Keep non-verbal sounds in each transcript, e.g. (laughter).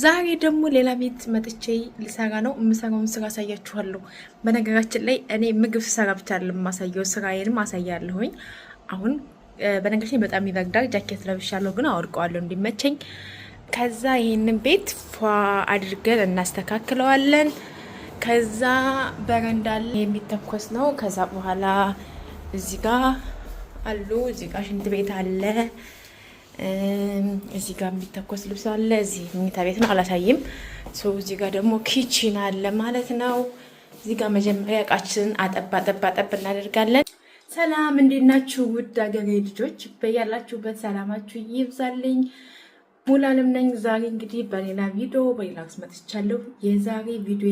ዛሬ ደግሞ ሌላ ቤት መጥቼ ልሰራ ነው። የምሰራውን ስራ አሳያችኋለሁ። በነገራችን ላይ እኔ ምግብ ስሰራ ብቻ የማሳየው ስራዬንም አሳያለሁኝ። አሁን በነገራችን ላይ በጣም ይበርዳል። ጃኬት ለብሻለሁ ግን አወድቀዋለሁ እንዲመቸኝ። ከዛ ይህንን ቤት ፏ አድርገን እናስተካክለዋለን። ከዛ በረንዳ የሚተኮስ ነው። ከዛ በኋላ እዚጋ አሉ። እዚጋ ሽንት ቤት አለ እዚህ ጋር የሚተኮስ ልብስ አለ። እዚህ መኝታ ቤት ነው፣ አላሳይም። እዚህ ጋር ደግሞ ኪችን አለ ማለት ነው። እዚህ ጋር መጀመሪያ እቃችንን አጠብ አጠብ አጠብ እናደርጋለን። ሰላም እንዴት ናችሁ? ውድ አገሬ ልጆች በያላችሁበት ሰላማችሁ ይብዛልኝ። ሙሉዓለም ነኝ። ዛሬ እንግዲህ በሌላ ቪዲዮ በሌላ ርዕስ መጥቻለሁ። የዛሬ ቪዲዮ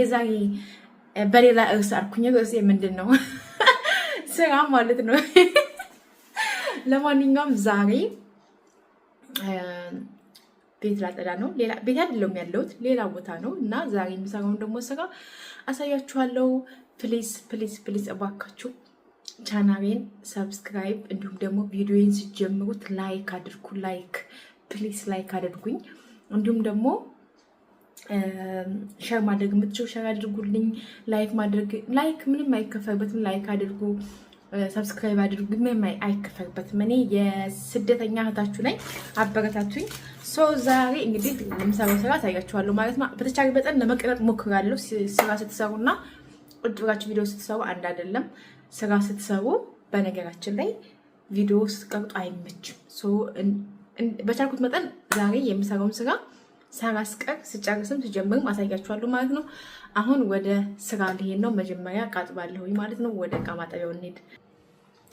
የዛሬ በሌላ እርስ አልኩኝ። እርስ ምንድን ነው? (laughs) ስራ ማለት ነው። ለማንኛውም ዛሬ ቤት ላጠዳ ነው። ቤት አይደለም ያለሁት ሌላ ቦታ ነው እና ዛሬ የሚሰራውን ደግሞ ስራ አሳያችኋለሁ። ፕሊዝ ፕሊዝ ፕሊዝ እባካችሁ ቻናሌን ሰብስክራይብ እንዲሁም ደግሞ ቪዲዮን ሲጀምሩት ላይክ አድርጉ። ላይክ ፕሊዝ ላይክ አድርጉኝ። እንዲሁም ደግሞ ሸር ማድረግ የምትችው ሸር አድርጉልኝ። ላይክ ማድረግ ላይክ ምንም አይከፈልበትም። ላይክ አድርጉ። ሰብስክራይብ አድርጉ። ምንም አይከፈልበትም። እኔ የስደተኛ እህታችሁ ላይ አበረታቱኝ። ሶ ዛሬ እንግዲህ የምሰራው ስራ ታያችኋለሁ ማለት ነው። በተቻለ መጠን ለመቅረጥ ሞክራለሁ። ስራ ስትሰሩና ቁጭ ብላችሁ ቪዲዮ ስትሰሩ አንድ አይደለም። ስራ ስትሰሩ በነገራችን ላይ ቪዲዮ ስትቀርጡ አይመችም። በቻልኩት መጠን ዛሬ የምሰራውን ስራ ሳላስቀር ስጨርስም ስጀምርም አሳያችኋለሁ ማለት ነው። አሁን ወደ ስራ ልሄድ ነው። መጀመሪያ ቃጥባለሁኝ ማለት ነው። ወደ ዕቃ ማጠቢያው እንሄድ።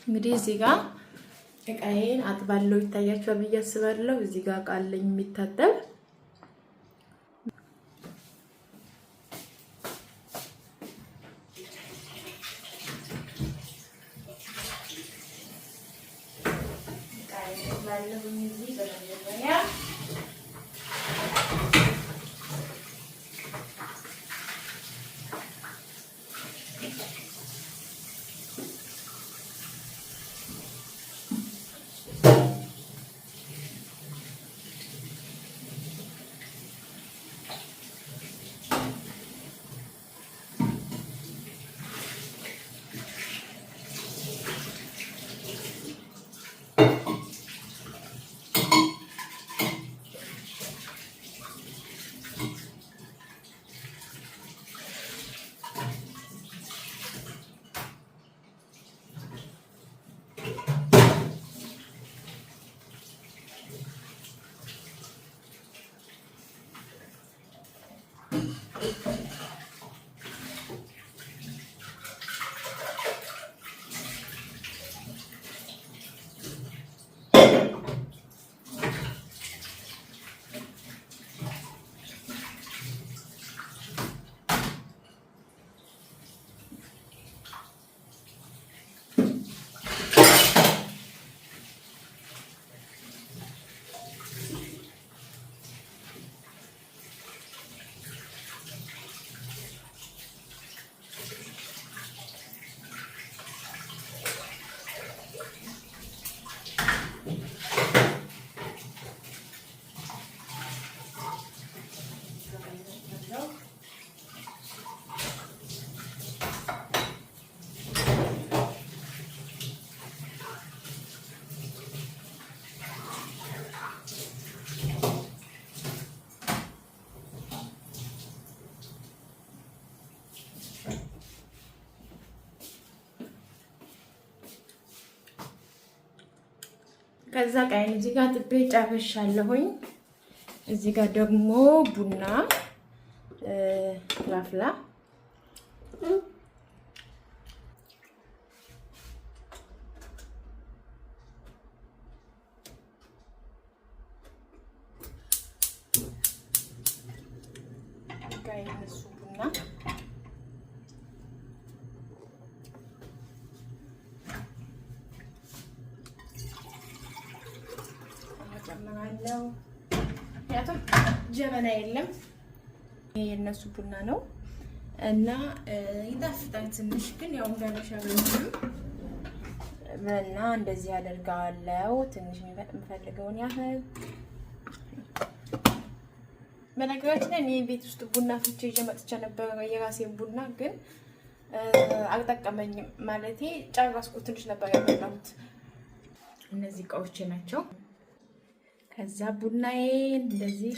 እንግዲህ እዚህ ጋር እቃዬን አጥባለሁ ይታያቸው ብዬ አስባለሁ። እዚህ ጋር እቃ አለኝ የሚታጠብ እቃዬን እዚህ Thank you. ከዛ ቃይን እዚህ ጋር ጥቤ ጨርሻለሁኝ። እዚህ ጋር ደግሞ ቡና ፍላፍላ ጋይነሱ ፈና የለም። ይሄ የነሱ ቡና ነው እና ይጣፍጣል ትንሽ ግን ያው እንዳለሻ እና እንደዚህ አደርጋለው ትንሽ የምፈልገውን ያህል በነገራችን ላይ እኔ ቤት ውስጥ ቡና ፍቼ ይዤ መጥቼ ነበር። የራሴን ቡና ግን አልጠቀመኝም። ማለቴ ጨረስኩ። ትንሽ ነበር ያመጣሁት እነዚህ እቃዎቼ ናቸው። ከዛ ቡናዬ እንደዚህ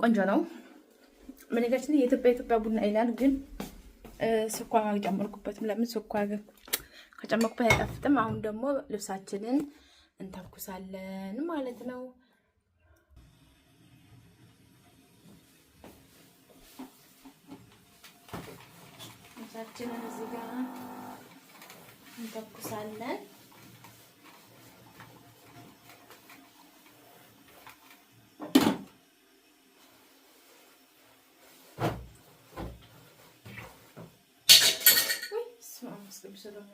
ቆንጆ ነው። በነገራችን የኢትዮጵያ ኢትዮጵያ ቡና ይላል፣ ግን ስኳር አልጨመርኩበትም። ለምን ስኳር ከጨመርኩበት አይጣፍጥም። አሁን ደግሞ ልብሳችንን እንተኩሳለን ማለት ነው። ልብሳችንን እዚህ ጋር እንተኩሳለን። 是的呀。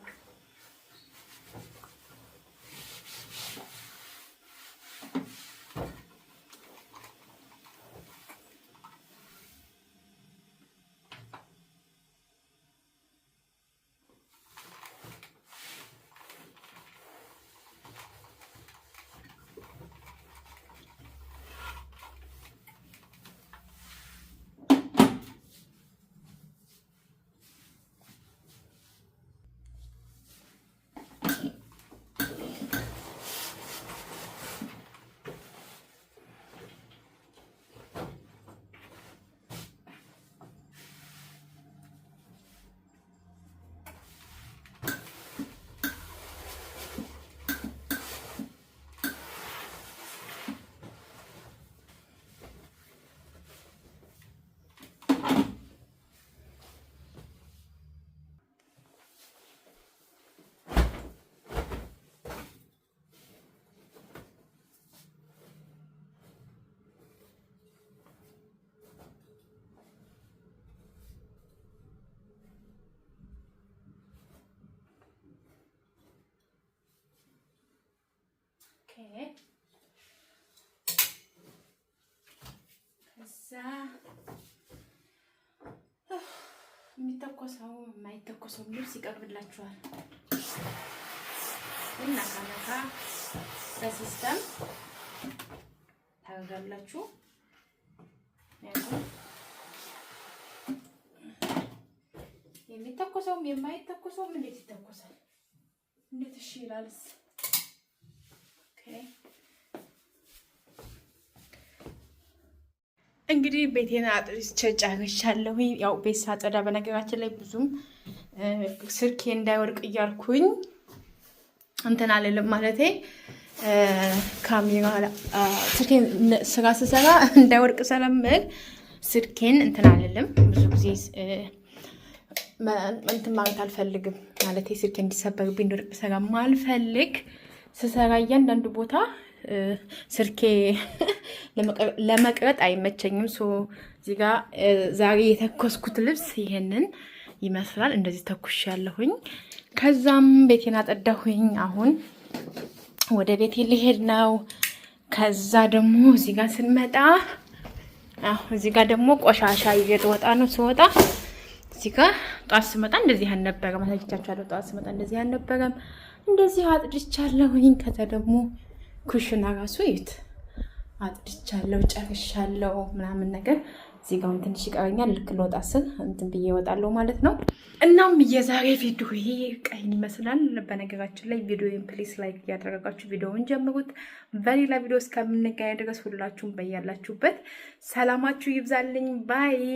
የሚተኮሰው የማይተኮሰው ልብስ ይቀርብላችኋል እና ከነካ በሲስተም ታደርጋላችሁ። የሚተኮሰውም የማይተኮሰውም እንዴት ይተኮሳል? እንዴት እሺ ይላልስ? እንግዲህ ቤቴን አጥርቼ ጨርሻለሁ። ያው ቤት ሳጸዳ በነገራችን ላይ ብዙም ስልኬ እንዳይወርቅ እያልኩኝ እንትን አልልም ማለቴ ካሜራ ስልኬን ስራ ስሰራ እንዳይወርቅ ስለምል ስልኬን እንትን አልልም። ብዙ ጊዜ እንትን ማለት አልፈልግም ማለቴ ስልኬ እንዲሰበርብኝ እንዲወርቅ ስራ ማልፈልግ ስሰራ እያንዳንዱ ቦታ ስርኬ (laughs) ለመቅረጥ አይመቸኝም። ሶ እዚህ ጋ ዛሬ የተኮስኩት ልብስ ይሄንን ይመስላል። እንደዚህ ተኩሽ ያለሁኝ። ከዛም ቤቴን አጠዳሁኝ። አሁን ወደ ቤቴ ሊሄድ ነው። ከዛ ደግሞ እዚህ ጋር ስንመጣ እዚህ ጋር ደግሞ ቆሻሻ ይዤ ወጣ ነው ስወጣ እዚህ ጋር ጠዋት ስመጣ እንደዚህ አልነበረም። አሳይቻችኋለሁ። ጠዋት ስመጣ እንደዚህ አልነበረም። እንደዚህ አጥድቻለሁኝ። ከዛ ደግሞ ኩሽና ራሱ ይት አጥድቻለሁ፣ ጨርሻለሁ ምናምን ነገር እዚህ ጋር ትንሽ ይቀረኛል። ልክ ልወጣ ስል እንትን ብዬ እወጣለሁ ማለት ነው። እናም የዛሬ ቪዲዮ ይሄ ቀይን ይመስላል። በነገራችን ላይ ቪዲዮን ፕሊስ ላይክ እያደረጋችሁ ቪዲዮውን ጀምሩት። በሌላ ቪዲዮ እስከምንገናኝ ድረስ ሁላችሁም በያላችሁበት ሰላማችሁ ይብዛልኝ ባይ